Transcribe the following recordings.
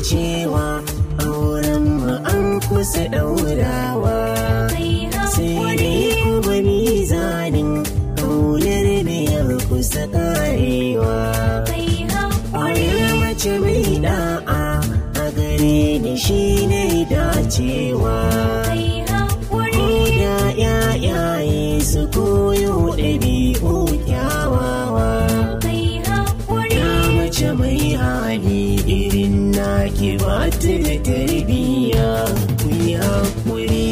cewa auren mu an kusa daurawa sai dai kuma mizanin zanin aular ya kusa karewa ƙwarar mace mai da'a a gare da shi ne dacewa su da tarbiyya kuyi yi hakuri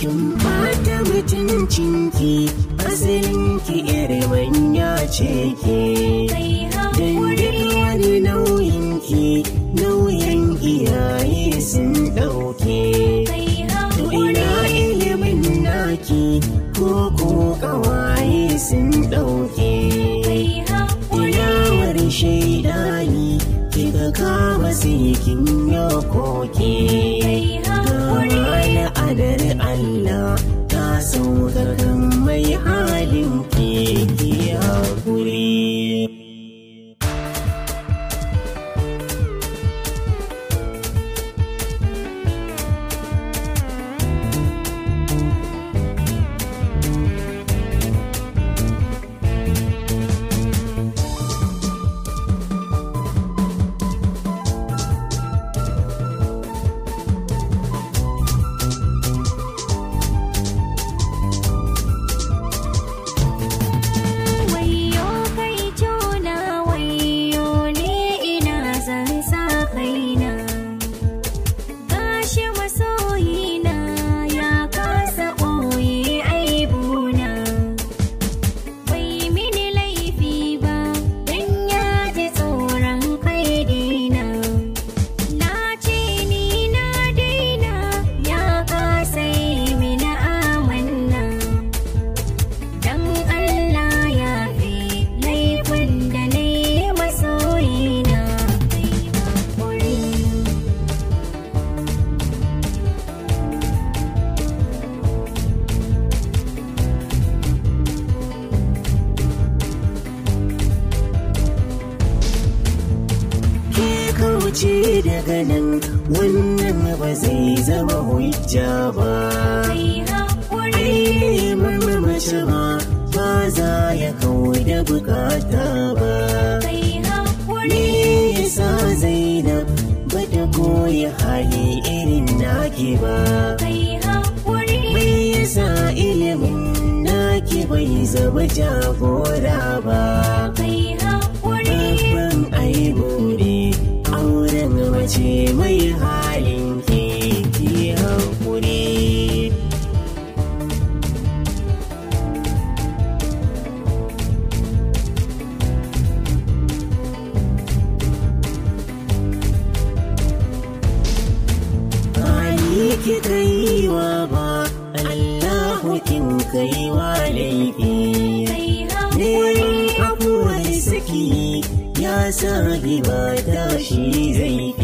kin mata mutuncin ki asalin ki irin manya ce ke dangin wani nauyin ki nauyin iyaye sun ɗauke ina ilimin naki ko ko kawaye sun ɗauke kulawar shaidani kika kama sikin yakoki. koke ga mai halin keke ce daga nan wannan ba zai zama hujja ba murmur mace ba ba za ya kawo da bukata ba nisa zainab ba ta koya hali irin naki ba mai yasa ilimin naki bai zama jagora ba babban aibu san mace mai halin ki ki haƙuri Ki wa ba, Allahu kin wa laifi. ba mata shi zai